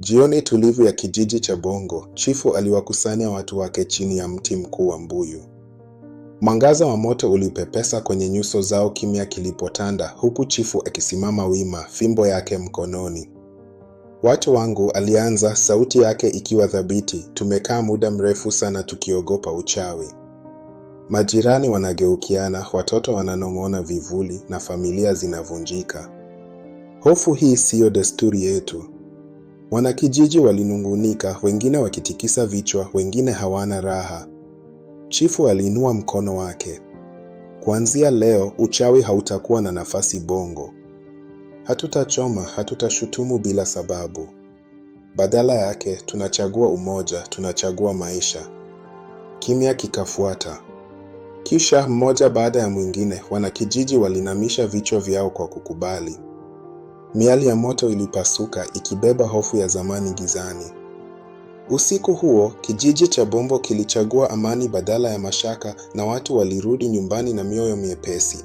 Jioni tulivu ya kijiji cha Bongo, chifu aliwakusanya watu wake chini ya mti mkuu wa mbuyu. Mwangaza wa moto ulipepesa kwenye nyuso zao, kimya kilipotanda, huku chifu akisimama wima, fimbo yake mkononi. Watu wangu, alianza, sauti yake ikiwa thabiti, tumekaa muda mrefu sana tukiogopa uchawi. Majirani wanageukiana, watoto wananong'ona vivuli, na familia zinavunjika. Hofu hii siyo desturi yetu, Wanakijiji walinungunika, wengine wakitikisa vichwa, wengine hawana raha. Chifu aliinua mkono wake. Kuanzia leo uchawi hautakuwa na nafasi Bongo. Hatutachoma, hatutashutumu bila sababu. Badala yake tunachagua umoja, tunachagua maisha. Kimya kikafuata. Kisha mmoja baada ya mwingine, wanakijiji walinamisha vichwa vyao kwa kukubali. Miali ya moto ilipasuka ikibeba hofu ya zamani gizani. Usiku huo, kijiji cha Bombo kilichagua amani badala ya mashaka na watu walirudi nyumbani na mioyo miepesi.